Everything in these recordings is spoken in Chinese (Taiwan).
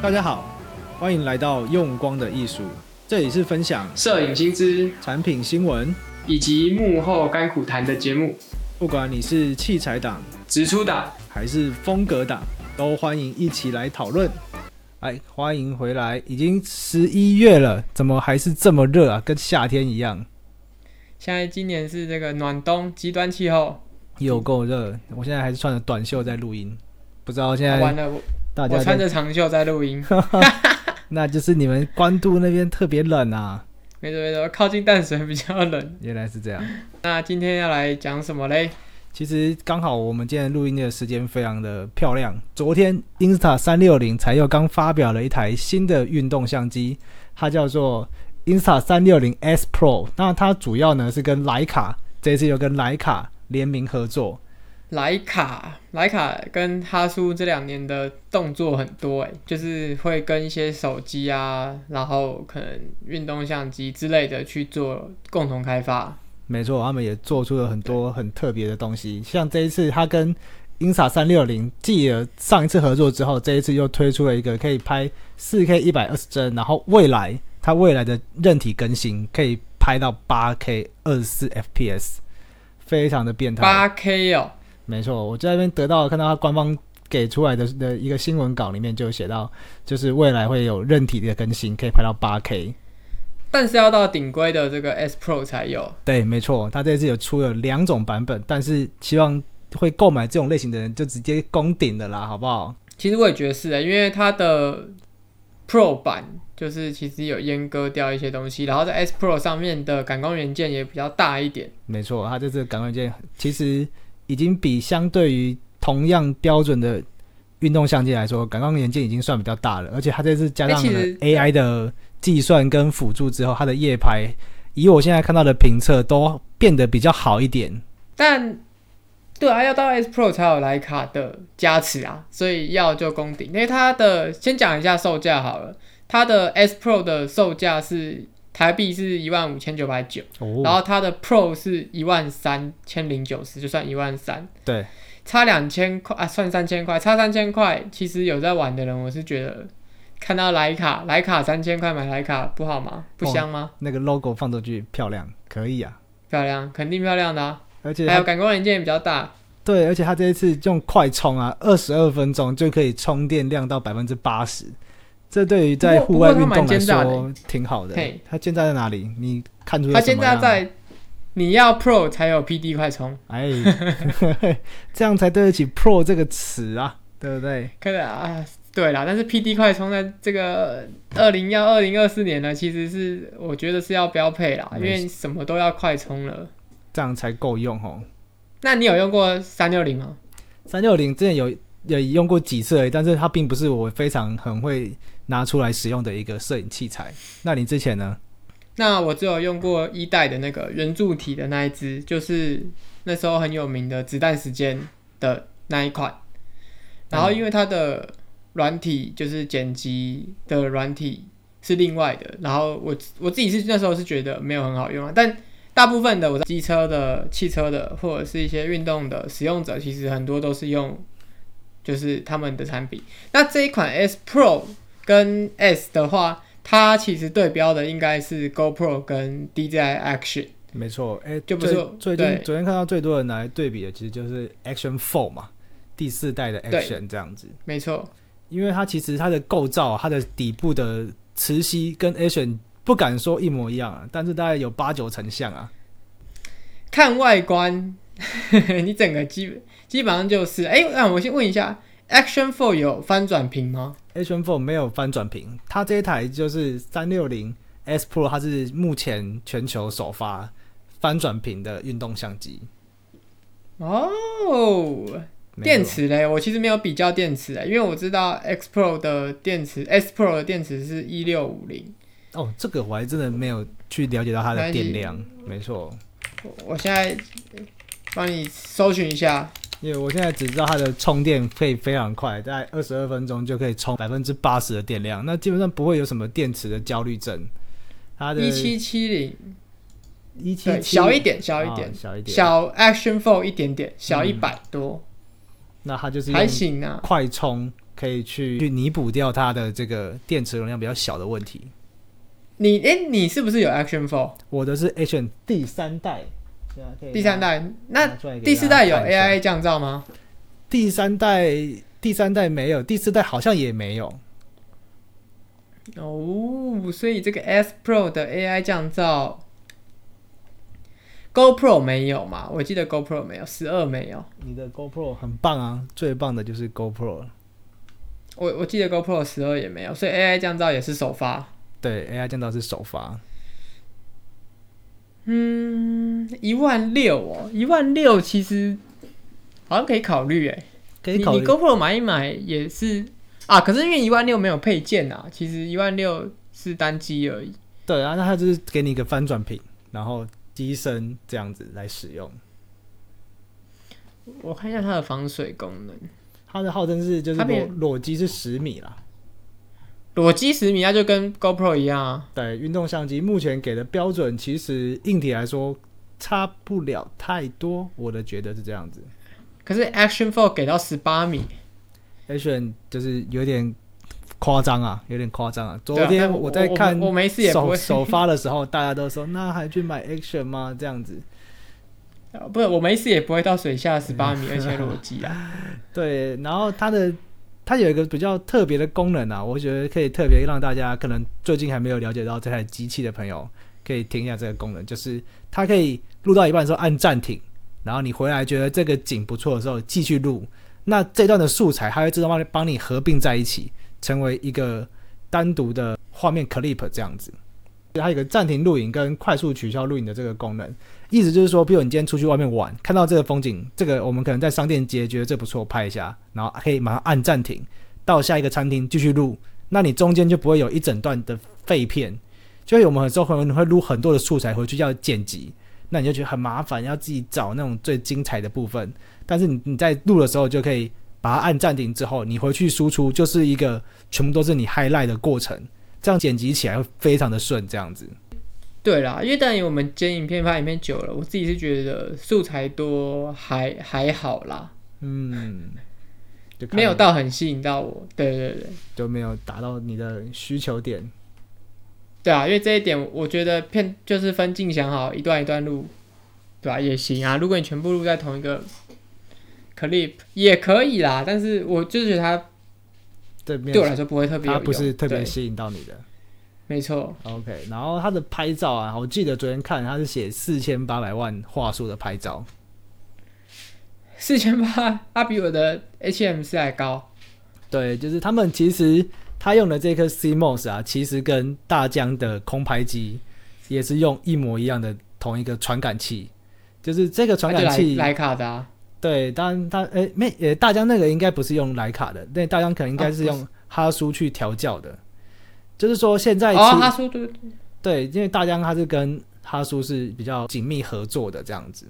大家好，歡迎來到用光的藝術。這裡是分享攝影新知、產品新聞以及幕後甘苦談的節目。不管你是器材黨、直出黨，還是風格黨，都歡迎一起來討論。哎，歡迎回來！已經十一月了，怎麼還是這麼熱啊？跟夏天一樣。現在今年是這個暖冬，極端氣候有夠熱。我現在還是穿着短袖在錄音，不知道現在我穿着長袖在錄音， 那就是你們關渡那邊特別冷啊！ 沒錯沒錯，靠近淡水比較冷。原來是這樣， 那今天要來講什麼呢？其實剛好我們今天錄音的時間非常的漂亮。昨天，Insta 360才又剛發表了一台新的運動相機，它叫做 Insta 360 Ace Pro。那它主要呢是跟徠卡這次又跟徠卡聯名合作。萊卡，徠卡跟哈蘇這兩年的動作很多哎、欸，就是會跟一些手機啊，然後可能運動相機之類的去做共同開發。沒錯，他們也做出了很多很特別的東西。對像這一次，他跟 Insta360 繼而上一次合作之後，這一次又推出了一個可以拍四 K 一百二十幀，然後未來他未來的韌體更新可以拍到八 K 二十四 FPS，非常的變態。八 K 哦。沒錯，我在那邊得到看到他官方給出來的的一個新聞稿裡面就寫到，就是未來會有韌體的更新，可以拍到八 K，但是要到頂規的這個 S Pro 才有。對，沒錯，他這次有出了兩種版本，但是希望會購買這種類型的人就直接攻頂的啦，好不好？其實我也覺得是的、欸，因為它的 Pro 版就是其實有閹割掉一些東西，然後在 S Pro 上面的感光元件也比較大一點。沒錯，它這次感光元件其實。已經比相對於同樣標準的運動相機來說，感光元件已經算比較大了，而且它這次加上了、欸、AI 的計算跟輔助之後，它的夜拍以我現在看到的評測都變得比較好一點。但對啊，要到 S Pro 才有徠卡的加持啊，所以要就攻頂。因為它的先講一下售價好了，它的 S Pro 的售價是。台幣是一萬五千九百九十，然後它的 Pro 是一萬三千零九十，就算一萬三，對，差兩千塊啊，算三千塊，差三千塊。其實有在玩的人，我是覺得看到萊卡，萊卡三千塊買萊卡不好嗎？不香嗎？哦，那個 logo 放上去漂亮，可以啊，漂亮，肯定漂亮的啊。而且還有感光元件也比較大，對，而且它這一次用快充啊，二十二分鐘就可以充電量到百分之八十。這對於在戶外運動來說、欸、挺好的、欸。Hey, 它奸詐在哪裡？你看出有什麼？它奸詐在你要 Pro 才有 PD 快充。哎， 這樣才對得起 Pro 這個詞啊，對不對？可是啊，對啦，但是 PD 快充呢？這個二零幺二零二四年呢，其實是我覺得是要標配啦，因為什麼都要快充了，這樣才夠用哦。那你有用過三六零嗎？三六零之前有也用過幾次、欸，但是它並不是我非常很會拿出來使用的一個攝影器材。那你之前呢？那我只有用過一代的那個圓柱體的那一支，就是那時候很有名的“子彈時間”的那一款。然後因為它的軟體，就是剪輯的軟體是另外的。然後我我自己是那時候是覺得沒有很好用啊。但大部分的我的機車的、汽車的，或者是一些運動的使用者，其實很多都是用就是他們的產品。那這一款 S, Ace Pro。S 跟 S 的話，它其實對標的應該是 GoPro 跟 DJI Action 沒。沒、欸、錯，哎，就不是對最近對昨天看到最多人來對比的，其實就是 Action Four 嘛，第四代的 Action 這樣子。沒錯，因為它其實它的構造，它的底部的磁吸跟 Action 不敢說一模一樣啊，但是大概有八九成像啊。看外觀， 你整個基本基本上就是哎，那、欸啊、我先問一下。Action 4有翻轉屏嗎？Action 4沒有翻轉屏，它這一台就是360 S Pro，它是目前全球首發翻轉屏的運動相機。哦，oh, 電池呢？沒錯。我其實沒有比較電池啊，因為我知道 X Pro 的電池，S Pro 的電池是一六五零。哦，這個我還真的沒有去了解到它的電量。沒錯，沒錯。我現在幫你搜尋一下。因為、yeah, 我現在只知道它的充電可以非常快，在二十二分鐘就可以充百分之八十的電量，那基本上不會有什麼電池的焦慮症。它的一七七零，一七七零，對，小一點，小一點，小一點，哦、小，小 Action Four 一點點，小一百多、嗯。那它就是還行啊，快充可以去去彌補掉它的這個電池容量比較小的問題。你哎、欸，你是不是有 Action Four？我的是 Action 第三代。第三代他那第四代有 AI 降噪嗎？第三代第三代沒有，第四代好像也沒有。哦，所以這個 Ace Pro 的 AI 降噪，GoPro 沒有嗎？我記得 GoPro 沒有，十二沒有。你的 GoPro 很棒啊，最棒的就是 GoPro。我我記得 GoPro 十二也沒有，所以 AI 降噪也是首發。對，AI 降噪是首發。嗯，一萬六哦、喔，一萬六其實好像可以考慮哎、欸，可以考慮。你，你 GoPro 買一買也是啊，可是因為一萬六沒有配件啊，其實一萬六是單機而已。對啊，那它就是給你一個翻轉屏，然後機身這樣子來使用。我看一下它的防水功能，它的號稱是就是裸裸機是十米啦。裸機十米，那就跟 GoPro 一樣啊。對，運動相機目前給的標準，其實硬體來說差不了太多，我的覺得是這樣子。可是 Action Four 給到十八米，Action 就是有點誇張啊，有點誇張啊。昨天我在看，啊我我，我沒事也不會首發的時候，大家都說那還去買 Action 嗎？這樣子。不是，我沒事也不會到水下十八米 而且裸機啊。對，然後它的。它有一個比較特別的功能啊，我覺得可以特別讓大家，可能最近還沒有了解到這台機器的朋友，可以聽一下這個功能，就是它可以錄到一半的時候按暫停，然後你回來覺得這個景不錯的時候繼續錄，那這段的素材它會自動幫幫你合併在一起，成為一個單獨的畫面 clip 這樣子。就它有個暫停錄影跟快速取消錄影的這個功能，意思就是說，比如你今天出去外面玩，看到這個風景，這個我們可能在商店街覺得這不錯，拍一下，然後可以馬上按暫停，到下一個餐廳繼續錄，那你中間就不會有一整段的廢片。就我們很多朋友會錄很多的素材回去要剪輯，那你就覺得很麻煩，要自己找那種最精彩的部分。但是你你在錄的時候就可以把它按暫停之後，你回去輸出就是一個全部都是你 highlight 的過程。這樣剪輯起來會非常的順，這樣子。對啦，因為當然我們剪影片、拍影片久了，我自己是覺得素材多還還好啦。嗯，沒有到很吸引到我。對對對，對，就沒有達到你的需求點。對啊，因為這一點，我覺得片就是分鏡想好一段一段錄，對吧、啊？也行啊，如果你全部錄在同一個 clip 也可以啦。但是我就是覺得它。對對，我來說不會特別，他不是特別吸引到你的，沒錯。OK，然後他的拍照啊，我記得昨天看他是寫四千八百萬畫素的拍照，四千八，他比我的 HM 四還高。對，就是他們其實他用的這顆 CMOS 啊，其實跟大疆的空拍機也是用一模一樣的同一個傳感器，就是這個傳感器，萊卡的、啊。對，當然他誒、欸、沒、欸，大疆那個應該不是用萊卡的，那個、大疆可能應該是用哈蘇去調教的，哦、是就是說現在哦，哈蘇對對對，對，因為大疆他是跟哈蘇是比較緊密合作的這樣子。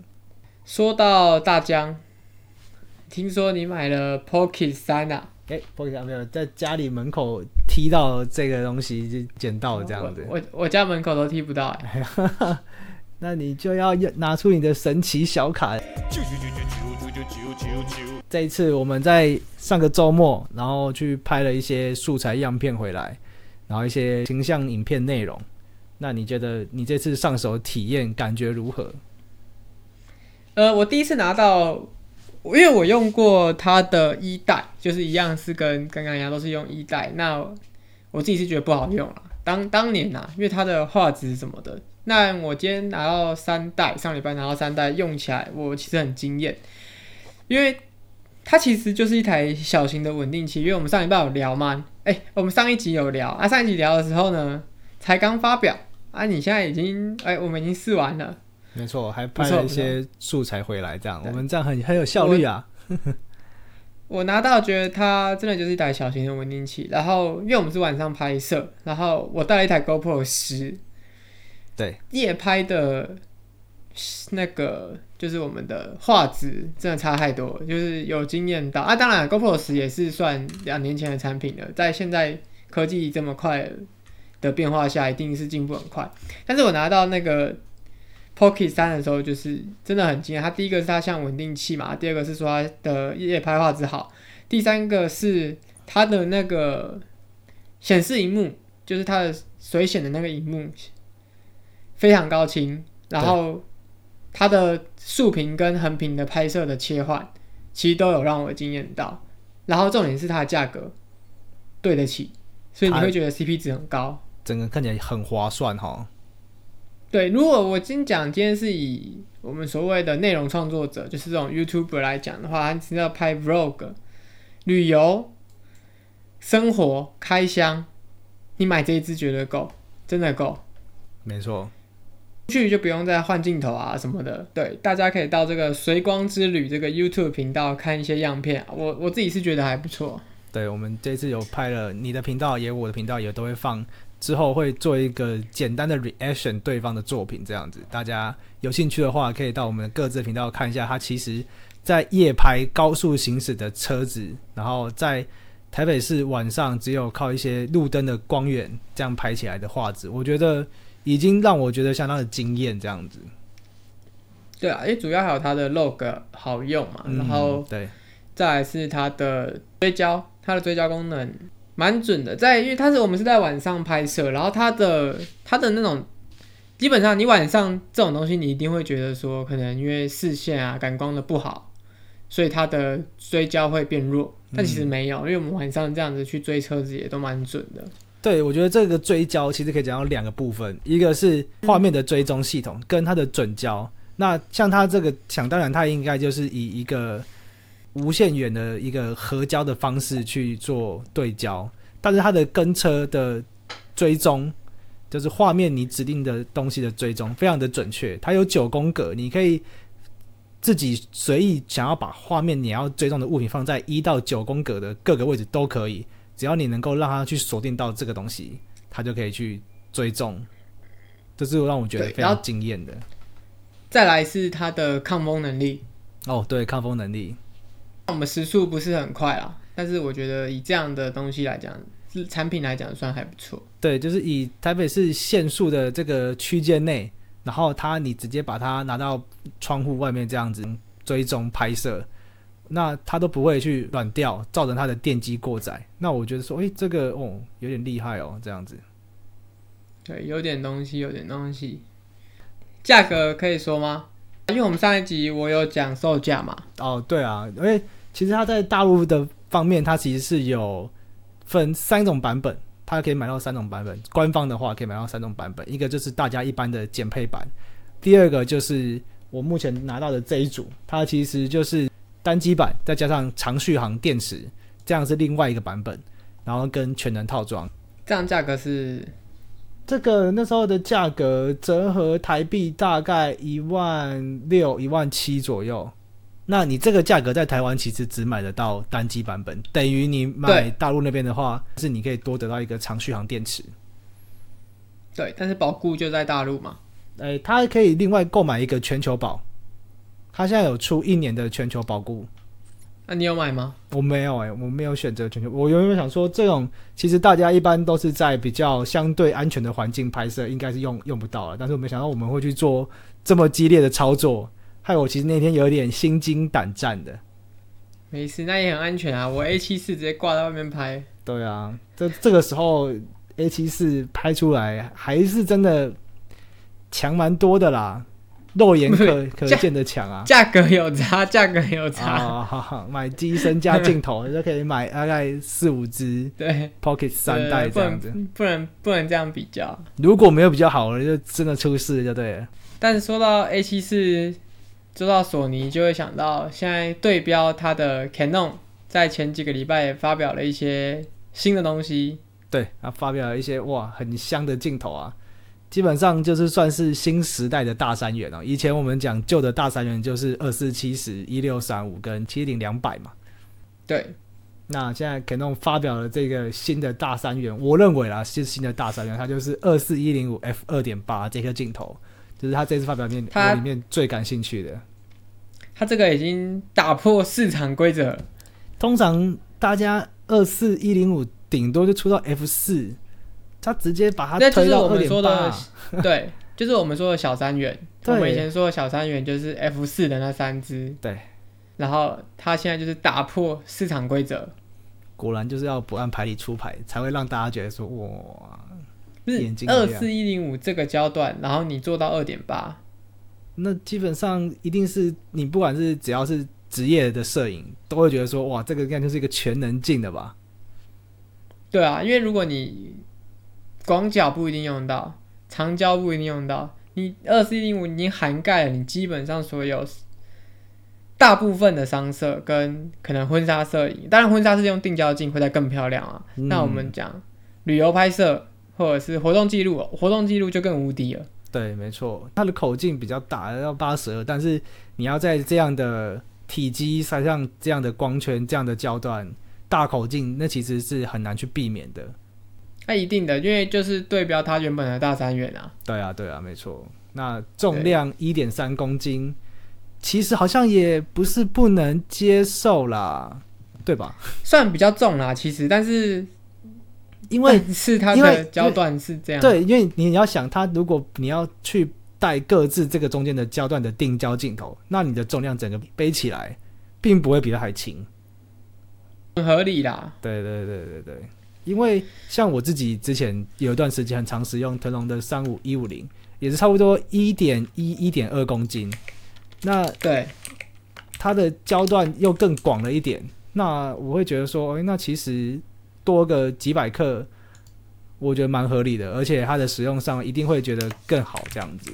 說到大疆，聽說你買了 Pocket 三啊？哎、欸、Pocket 三沒有，在家裡門口踢到這個東西就撿到了這樣子。哦、我我，我家門口都踢不到哎、欸。 那你就要拿出你的神奇小卡。這一次我們在上個周末，然後去拍了一些素材樣片回來，然後一些形象影片內容。那你覺得你這次上手體驗感覺如何？呃，我第一次拿到，因為我用過它的一代，就是一樣是跟剛剛一樣都是用一代。那我，我自己是覺得不好用啊，當當年啊，因為它的畫質什麼的。那我今天拿到三代，上禮拜拿到三代，用起來我其實很驚艷，因為它其實就是一台小型的穩定器。因為我們上禮拜有聊嘛，哎、欸，我們上一集有聊啊，上一集聊的時候呢，才剛發表啊，你現在已經哎、欸，我們已經試完了，沒錯，還拍了一些素材回來，這樣錯我們這樣很對很有效率啊我。我拿到覺得它真的就是一台小型的穩定器，然後因為我們是晚上拍攝，然後我帶了一台 GoPro 10。對夜拍的那個，就是我們的畫質真的差太多，就是有驚豔到啊！當然，GoPro 10也是算兩年前的產品了，在現在科技這麼快的變化下，一定是進步很快。但是我拿到那個 Pocket 三的時候，就是真的很驚訝。它第一個是它像穩定器嘛，第二個是說它的夜拍畫質好，第三個是它的那個顯示熒幕，就是它的水顯的那個熒幕。非常高清，然後它的豎屏跟橫屏的拍攝的切換，其實都有讓我驚艷到。然後重點是它的價格對得起，所以你會覺得 CP 值很高，整個看起來很划算哈、哦。對，如果我今天講今天是以我們所謂的內容創作者，就是這種 YouTuber 來講的話，其實要拍 vlog、旅遊、生活、開箱，你買這一支絕對夠，真的夠，沒錯。去就不用再換鏡頭啊什麼的。對，大家可以到這個“隨光之旅”這個 YouTube 頻道看一些樣片啊，我我自己是覺得還不錯。對我們這次有拍了，你的頻道也，我的頻道也都會放，之後會做一個簡單的 reaction 對方的作品這樣子。大家有興趣的話，可以到我們各自頻道看一下。它其實，在夜拍高速行駛的車子，然後在台北市晚上只有靠一些路燈的光源這樣拍起來的畫質，我覺得。已經讓我覺得相當的驚艷這樣子。對啊，因為主要還有它的 LOG 好用嘛，嗯、然後對，再來是它的追焦，它的追焦功能蠻準的。在因為它是我們是在晚上拍攝，然後它的它的那種基本上你晚上這種東西，你一定會覺得說可能因為視線啊感光的不好，所以它的追焦會變弱。但其實沒有，嗯、因為我們晚上這樣子去追車子也都蠻準的。對，我覺得這個追焦其實可以講到兩個部分，一個是畫面的追蹤系統跟它的準焦。那像它這個，想當然，它應該就是以一個無限遠的一個合焦的方式去做對焦。但是它的跟車的追蹤，就是畫面你指定的東西的追蹤，非常的準確。它有九宮格，你可以自己隨意想要把畫面你要追蹤的物品放在一到九宮格的各個位置都可以。只要你能夠讓他去鎖定到這個東西，他就可以去追蹤，這是讓我覺得非常驚艷的。再來是它的抗風能力。哦，對，抗風能力，我們時速不是很快啦，但是我覺得以這樣的東西來講，是產品來講算還不錯。對，就是以台北市限速的這個區間內，然後它你直接把它拿到窗戶外面這樣子追蹤拍攝。那它都不會去軟掉，造成它的電機過載。那我覺得說，誒、欸，這個哦，有點厲害哦，這樣子。對，有點東西，有點東西。價格可以說嗎？因為我們上一集我有講售價嘛。哦，對啊，因為其實它在大陸的方面，它其實是有分三種版本，它可以買到三種版本。官方的話可以買到三種版本，一個就是大家一般的減配版，第二個就是我目前拿到的這一組，它其實就是。單機版再加上長續航電池，這樣是另外一個版本，然後跟全能套裝，這樣價格是這個那時候的價格折合台幣大概一萬六一萬七左右。那你這個價格在台灣其實只買得到單機版本，等於你買大陸那邊的話，對是你可以多得到一個長續航電池。對，但是保固就在大陸嘛？哎，他可以另外購買一個全球保。他現在有出一年的全球保固，那你有買嗎？我沒有哎、欸,我沒有選擇全球。我原本想說這種，其實大家一般都是在比較相對安全的環境拍攝，應該是用用不到了。但是我沒想到我們會去做這麼激烈的操作，害我其實那天有點心驚膽戰的。沒事，那也很安全啊。我 A 七四直接掛在外面拍。 對啊，這這個時候 A 七四拍出來還是真的強蠻多的啦。肉眼可可見的強啊，價、嗯、格有差，價格有差啊，哈、哦、買機身加鏡頭 就可以買大概四五支對，對，Pocket 三代這樣子，呃、不能不能，不能這樣比較，如果沒有比較好了，就真的出事就對了。但是說到 A 七四，說到索尼，就會想到現在對標它的 Canon，在前幾個禮拜也發表了一些新的東西，對，啊，發表了一些哇很香的鏡頭啊。基本上就是算是新時代的大三元哦、喔。以前我們講舊的大三元就是二四七十一六三五跟七零兩百嘛。對，那現在 Canon 發表了這個新的大三元，我認為啦，是新的大三元，它就是二四一零五 f 二點八這顆鏡頭，就是它這次發表面裡面他最感興趣的。它這個已經打破市場規則，通常大家二四一零五頂多就出到 f 四。他直接把它推到二點八，啊、我們說的， 對，就是我們說的小三元。我們對以前說的小三元就是 F 四的那三隻，對。然後他現在就是打破市場規則，果然就是要不按牌理出牌，才會讓大家覺得說哇，二二四一零五這個焦段，然後你做到二點八，那基本上一定是你不管是只要是職業的攝影，都會覺得說哇，這個應該就是一個全能鏡的吧？對啊，因為如果你。廣角不一定用到，長焦不一定用到。你二四一零五已經涵蓋了你基本上所有大部分的商攝跟可能婚紗攝影，當然婚紗是用定焦鏡會再更漂亮啊。嗯、那我們講旅遊拍攝或者是活動記錄，活動記錄就更無敵了。對，沒錯，它的口徑比較大，要八十二，但是你要在這樣的體積塞上這樣的光圈、這樣的焦段、大口徑，那其實是很難去避免的。那、啊、一定的，因為就是對標它原本的大三元啊。對啊，對啊，沒錯。那重量一點三公斤，對其實好像也不是不能接受啦，對吧？算比較重啦，其實，但是因為是它的焦段因為是這樣，對，因為你要想，它如果你要去帶各自這個中間的焦段的定焦鏡頭，那你的重量整個背起來，並不會比它還輕，很合理啦。對，對對對對對。因為像我自己之前有一段時間很常使用騰龍的35-150，也是差不多一點一一點二公斤。那對它的焦段又更廣了一點，那我會覺得說，欸，那其實多個幾百克，我覺得蠻合理的，而且它的使用上一定會覺得更好這樣子。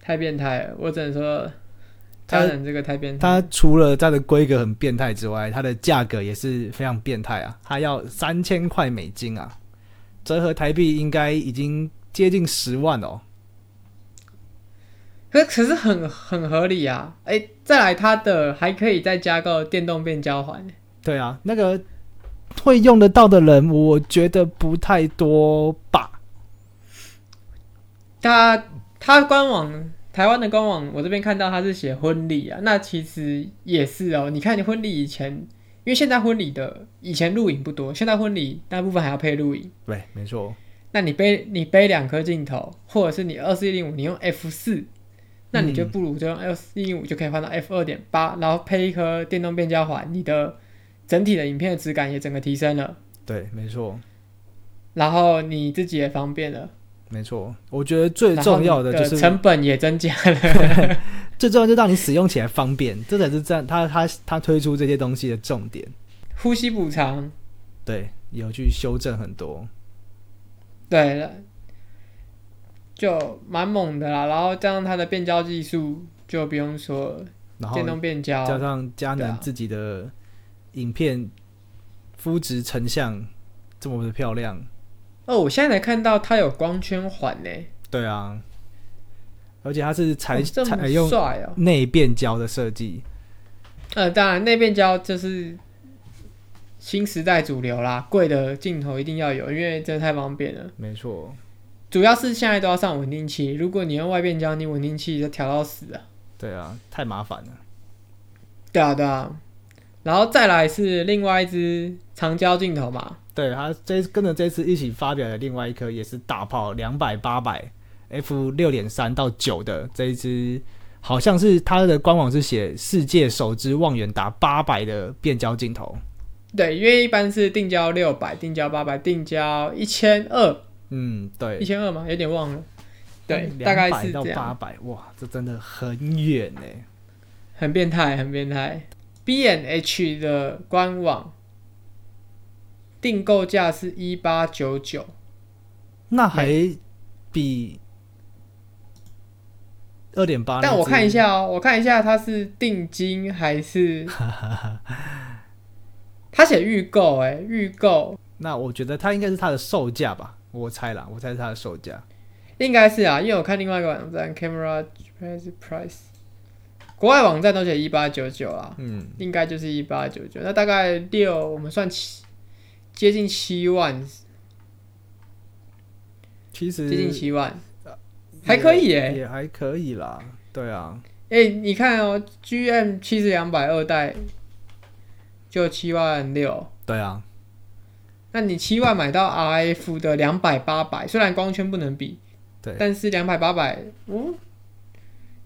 太變態了，我只能說。它這個太變態。它除了它的規格很變態之外，它的價格也是非常變態啊！它要三千塊美金啊，折合台幣應該已經接近十萬哦。可是可是很很合理啊！哎、欸，再來它的還可以再加個電動變焦環。對啊，那個會用得到的人，我覺得不太多吧。它它官網。台灣的官網，我這邊看到他是寫婚禮啊，那其實也是哦、喔。你看，你婚禮以前，因為現在婚禮的以前錄影不多，現在婚禮大部分還要配錄影。對，沒錯。那你背你背兩顆鏡頭，或者是你二四一零五，你用 F 四，那你就不如就用二四一零五就可以換到 F 二點八，然後配一顆電動變焦環，你的整體的影片的質感也整個提升了。對，沒錯。然後你自己也方便了。沒錯，我覺得最重要的就是的成本也增加了， 最重要的就是讓你使用起來方便，這才 是這樣，他他他推出這些東西的重點。呼吸補償，對，有去修正很多。對了，就蠻猛的啦。然後加上它的變焦技術，就不用說然後電動變焦，加上佳能自己的影片膚質成像這麼的漂亮。哦，我現在才看到它有光圈環呢。對啊，而且它是採採、哦啊、用內變焦的設計。呃，當然內變焦就是新時代主流啦，貴的鏡頭一定要有，因為真的太方便了。沒錯，主要是現在都要上穩定器，如果你用外變焦，你穩定器就調到死了。對啊，太麻煩了。對啊，對啊，然後再來是另外一支長焦鏡頭嘛。對，他這跟着這次一起發表的另外一顆也是大炮，兩百八百 f 六點三到九的這一支，好像是他的官網是寫世界首支望遠達八百的變焦鏡頭。對，因為一般是定焦六百、定焦八百、定焦一千二。嗯，對，一千二嘛，有點忘了。對，嗯，大概是這樣。兩百到八百，哇，這真的很遠呢，很變態，很變態。B&H 的官網。訂購價是一八九九，那還比二點八。但我看一下哦、喔，我看一下他是定金還是？ 他寫預購，哎，預購。那我覺得他應該是他的售價吧，我猜啦，我猜是他的售價，應該是啊，因為我看另外一個網站，Camera Price Price，國外網站都寫一八九九啊，嗯，應該就是一八九九，那大概六，我們算七。接近七萬，其實接近七萬，還可以耶，欸，也還可以啦，對啊，哎，欸，你看哦，喔，GM 七十兩百二代就七萬六，對啊，那你七萬買到 RF 的兩百八百，雖然光圈不能比，對，但是兩百八百，嗯，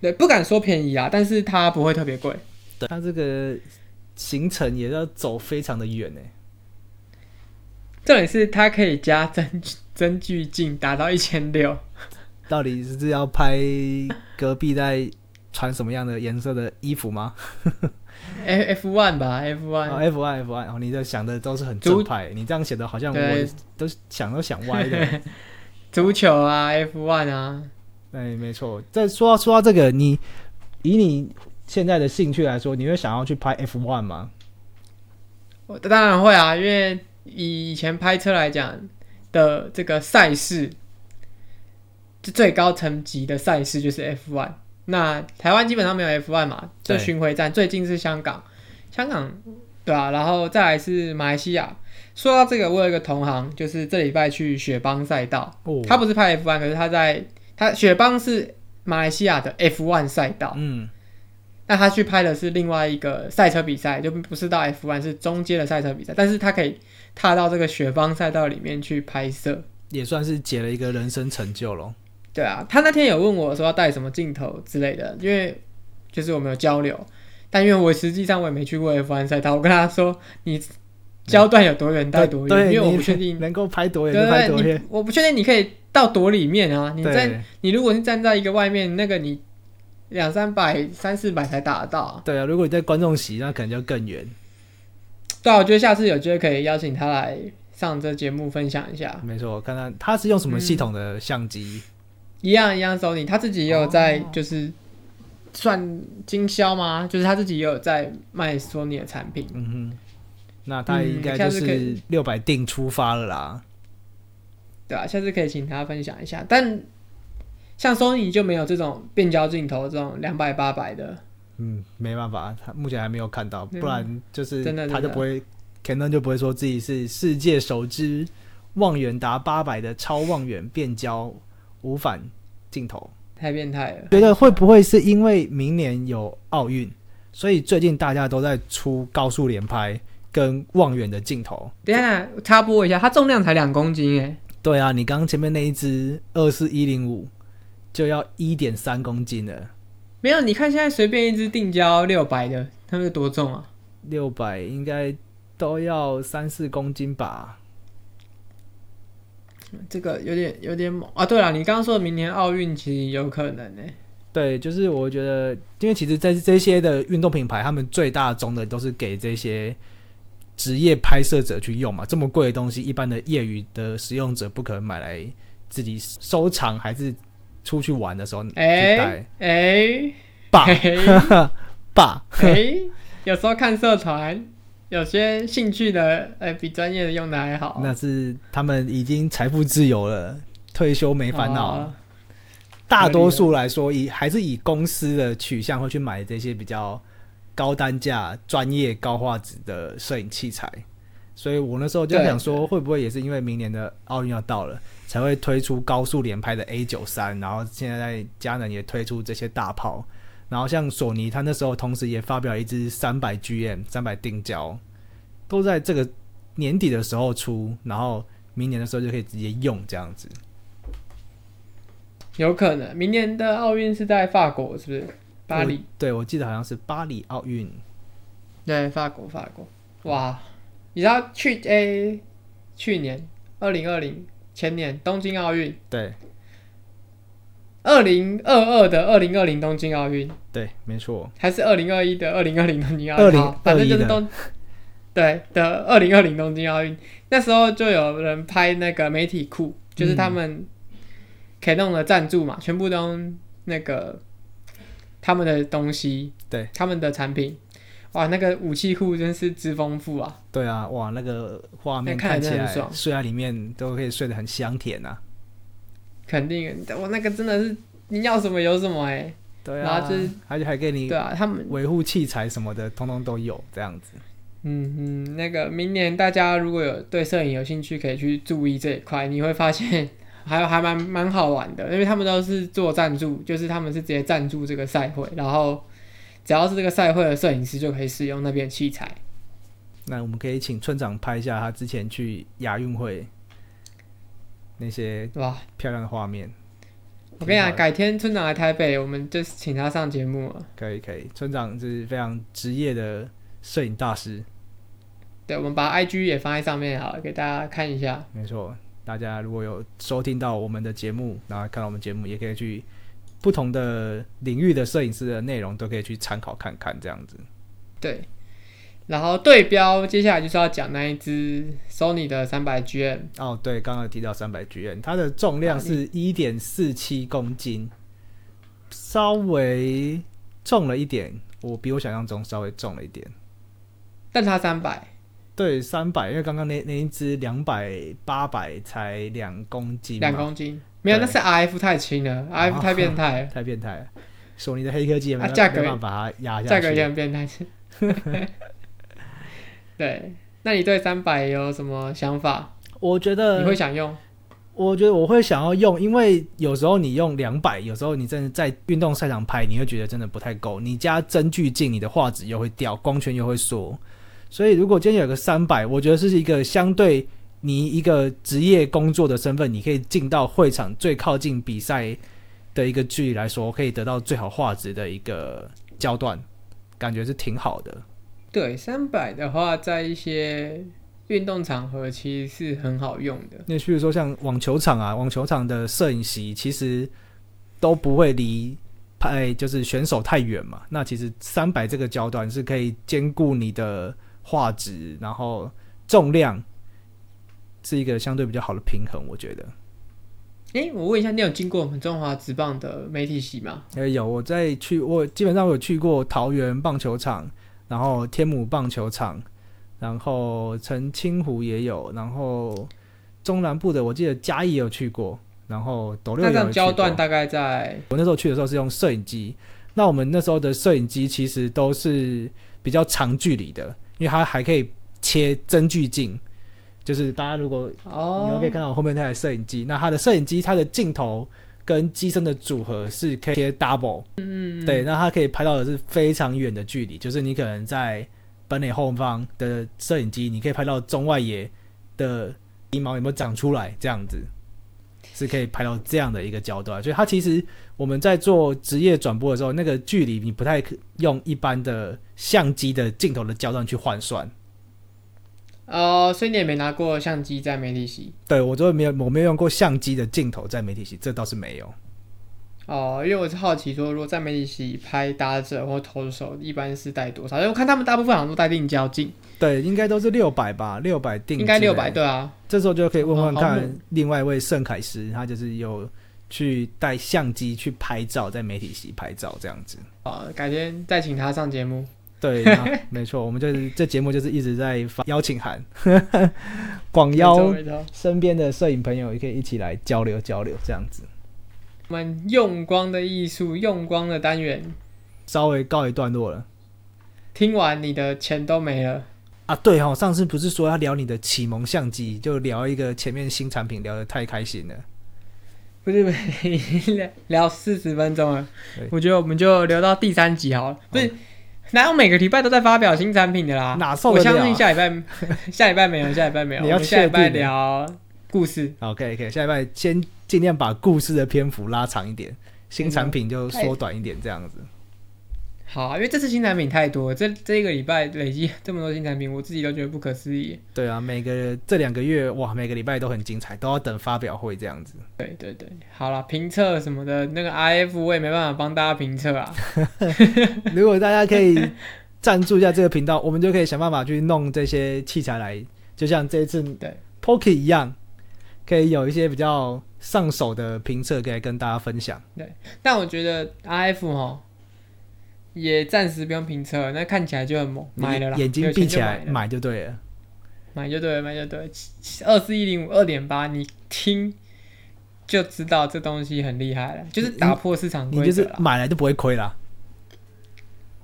對，不敢說便宜啊，但是它不會特別貴，對，它這個行程也要走非常的遠呢，欸。重點是它可以加增距，增距鏡達到一千六。到底是要拍隔壁在穿什麼樣的顏色的衣服嗎 ？F 1 F one 吧、哦、，F one，F one，F one。你這想的都是很正派，足你這樣寫的好像我對都想都想歪的。 足球啊，F one 啊，對，沒錯。這說到說到這個，你以你現在的興趣來說，你會想要去拍 F one 嗎？我當然會啊，因為。以以前拍車來講的這個賽事，最高層級的賽事就是 F1。那台灣基本上沒有 F1 嘛，這巡回站對最近是香港，香港對啊，然後再來是馬來西亞。說到這個，我有一個同行，就是這禮拜去雪邦賽道，哦、他不是拍 F1，可是他在他雪邦是馬來西亞的 F1 賽道。嗯，那他去拍的是另外一個賽車比賽，就不是到 F1，是中階的賽車比賽，但是他可以。踏到這個雪邦賽道裡面去拍攝，也算是解了一個人生成就咯。對啊，他那天有問我說要帶什麼鏡頭之類的，因為就是我們有交流。但因為我實際上我也沒去過 F1 賽道，我跟他說你焦段有多遠帶多遠，欸、因為我不確定能夠拍多遠。對，對，對，我不確定你可以到多裡面啊。你在對你如果是站在一個外面，那個你兩三百、三四百才打得到。對啊，如果你在觀眾席，那可能就更遠。對啊，我覺得下次有機會可以邀請他來上這節目分享一下。沒錯，我看看他是用什麼系統的相機？嗯、一樣一樣，Sony 他自己也有在，就是算經銷嗎？Oh. 就是他自己也有在賣索尼的產品。嗯哼，那他應該就是六百定出發了啦、嗯。對啊，下次可以請他分享一下。但像索尼就沒有這種變焦鏡頭，這種兩百八百的。嗯，沒辦法，他目前還沒有看到，不然就是他就不會，Canon 就不會說自己是世界首支望遠達八百的超望遠變焦無反鏡頭。太變態了！覺得會不會是因為明年有奧運，所以最近大家都在出高速連拍跟望遠的鏡頭？等一下，插播一下，它重量才兩公斤耶、欸。對啊，你剛剛前面那一隻二四一零五就要一點三公斤了。沒有，你看現在隨便一隻定焦六百的，他們有多重啊？六百應該都要三四公斤吧。這個有點有點猛啊！對了，你剛剛說明年奧運其實有可能呢。對，就是我覺得，因為其實這，在這些的運動品牌，他們最大宗的都是給這些職業拍攝者去用嘛。這麼貴的東西，一般的業餘的使用者不可能買來自己收藏，還是？出去玩的時候，哎哎、欸，爸、欸、爸，嘿。有時候看社團，有些興趣的，哎、欸，比專業的用的還好。那是他們已經財富自由了，退休沒煩惱。啊、大多數來說，以還是以公司的取向會去買這些比較高單價、專業、高畫質的攝影器材。所以我那時候就想說，會不會也是因為明年的奧運要到了？才會推出高速連拍的 A 九三，然後現在在佳能也推出這些大炮，然後像索尼，它那時候同時也發表了一支三百 GM 三百定焦，都在這個年底的時候出，然後明年的時候就可以直接用這樣子。有可能明年的奧運是在法國，是不是巴黎？對，我記得好像是巴黎奧運。對，法國，法國，哇！你知道去 A、欸、去年二零二零。前年東京奧運對，二零二二的二零二零東京奧運對，沒錯，還是2021的的二零是二一的二零二零東京奧運，反正就是東，對的二零二零東京奧運那時候就有人拍那個媒體庫，就是他們可以弄的贊助嘛，嗯、全部都那個他們的東西，對他們的產品。哇，那個武器庫真是之豐富啊！對啊，哇，那個畫面看起來，睡在裡面都可以睡得很香甜啊。肯定的，哇，那個真的是你要什麼有什麼哎、欸。對啊。還、就是、還給你對啊，他們維護器材什麼的，通通、啊、都有這樣子。嗯嗯，那個明年大家如果有對攝影有興趣，可以去注意這一塊，你會發現還有還蠻蠻好玩的，因為他們都是做贊助，就是他們是直接贊助這個賽會，然後。只要是這個賽會的攝影師就可以使用那邊的器材。那我們可以請村長拍一下他之前去亞運會那些哇漂亮的畫面。哇我跟你講，改天村長來台北，我們就請他上節目了。可以可以，村長是非常職業的攝影大師。對，我們把 IG 也放在上面啊，給大家看一下。沒錯，大家如果有收聽到我們的節目，然後看到我們節目，也可以去。不同的領域的攝影師的內容都可以去參考看看，這樣子。對，然後對標，接下來就是要講那一隻 Sony 的三百 GM。哦，對，剛剛有提到三百 GM，它的重量是一點四七公斤，啊、稍微重了一點，我比我想象中稍微重了一點。但它三百，對，三百，因為剛剛那那一隻兩百八百才兩公斤，兩公斤。對沒有，那是 RF 太輕了、啊、，RF 太變態，太變態。索尼的黑科技，它價格沒辦法、啊、把它壓下去，價格也很變態。 對，那你對三百有什麼想法？我覺得你會想用，我覺得我會想要用，因為有時候你用兩百，有時候你真的在運動賽場拍，你會覺得真的不太夠。你加增距鏡，你的畫質又會掉，光圈又會縮。所以，如果今天有個三百，我覺得是一個相對。你一個職業工作的身份，你可以進到會場最靠近比賽的一個距離來說，可以得到最好畫質的一個焦段，感覺是挺好的。對，三百的話，在一些運動場合其實是很好用的。那譬如說像網球場啊，網球場的攝影席其實都不會離拍就是選手太遠嘛。那其實三百這個焦段是可以兼顧你的畫質，然後重量。是一個相對比較好的平衡，我覺得。哎、欸，我問一下，你有經過我們中華職棒的媒體席嗎？哎、欸，有，我在去，我基本上有去過桃園棒球場，然後天母棒球場，然後澄清湖也有，然後中南部的，我記得嘉義也有去過，然後斗六也有。那焦段大概在？我那時候去的時候是用攝影機，那我們那時候的攝影機其實都是比較長距離的，因為它還可以切增距鏡。就是大家如果你有有可以看到我後面那台攝影機，oh. 那它的攝影機它的鏡頭跟機身的組合是可以 double，嗯、mm，hmm. 對，那它可以拍到的是非常遠的距離，就是你可能在本壘後方的攝影機，你可以拍到中外野的鼻毛有沒有長出來，這樣子是可以拍到這樣的一個焦段，所以它其實我們在做職業轉播的時候，那個距離你不太可用一般的相機的鏡頭的焦段去換算。哦、呃，所以你也沒拿過相機在媒體席？對我就沒有，我沒有用過相機的鏡頭在媒體席，這倒是沒有。哦、呃，因為我是好奇說，如果在媒體席拍打者或投手，一般是帶多少？因為我看他們大部分好像都帶定焦鏡。對，應該都是六百吧，六百定。應該六百，對啊。這時候就可以問問看另外一位盛凱師，嗯、他就是有去帶相機去拍照，在媒體席拍照這樣子。哦、呃，改天再請他上節目。對、啊，沒錯，我們這 這節目就是一直在發邀請函，呵呵，廣邀身邊的攝影朋友，也可以一起來交流交流，這樣子。我們用光的藝術，用光的單元，稍微告一段落了。聽完你的錢都沒了啊。對哦，上次不是說要聊你的啟蒙相機，就聊一個前面新產品，聊得太開心了，不是，不是，聊四十分鐘了，對我覺得我們就聊到第三集好了，嗯哪有每個禮拜都在發表新產品的啦、啊，哪受啊、我相信下禮拜， 下禮拜沒有，下禮拜沒有，我下禮拜聊故事。OK，可以，下禮拜先盡量把故事的篇幅拉長一點，新產品就縮短一點，這樣子。嗯好啊，因為這次新產品太多了，這這一個禮拜累積這麼多新產品，我自己都覺得不可思議。對啊，每個這兩個月哇，每個禮拜都很精彩，都要等發表會這樣子。對對對，好啦，評測什麼的那個 RF，我也沒辦法幫大家評測啊。 如果大家可以贊助一下這個頻道， 我們就可以想辦法去弄這些器材來，就像這一次對 Pocket 一樣，可以有一些比較上手的評測可以跟大家分享。對，但我覺得 RF 吼。也暫時不用評測，那看起來就很猛，買了啦。眼睛閉起來就買，買就，買就對了，買就對了，買就對了。二四一零五二點八，你聽就知道這東西很厲害了，嗯，就是打破市場規則，買來就不會虧啦，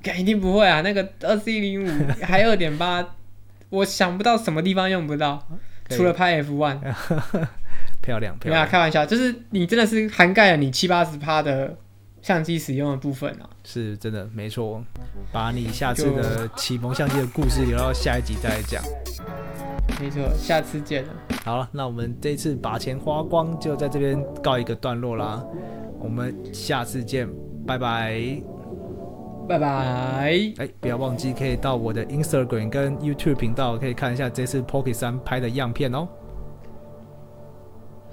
肯定不會啊。那個二四一零五還二點八，我想不到什麼地方用不到，了除了拍 F one 。漂亮，漂亮，對啊，開玩笑，就是你真的是涵蓋了你七八十趴的。相機使用的部分呢、啊？是真的沒錯，把你下次的啟蒙相機的故事留到下一集再來講。沒錯，下次見了。好了，那我們這次把錢花光，就在這邊告一個段落啦。我們下次見，拜拜，拜拜。哎、欸，不要忘記可以到我的 Instagram 跟 YouTube 頻道，可以看一下這次 Pocket 三拍的樣片哦、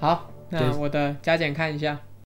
喔。好，那我的加減看一下。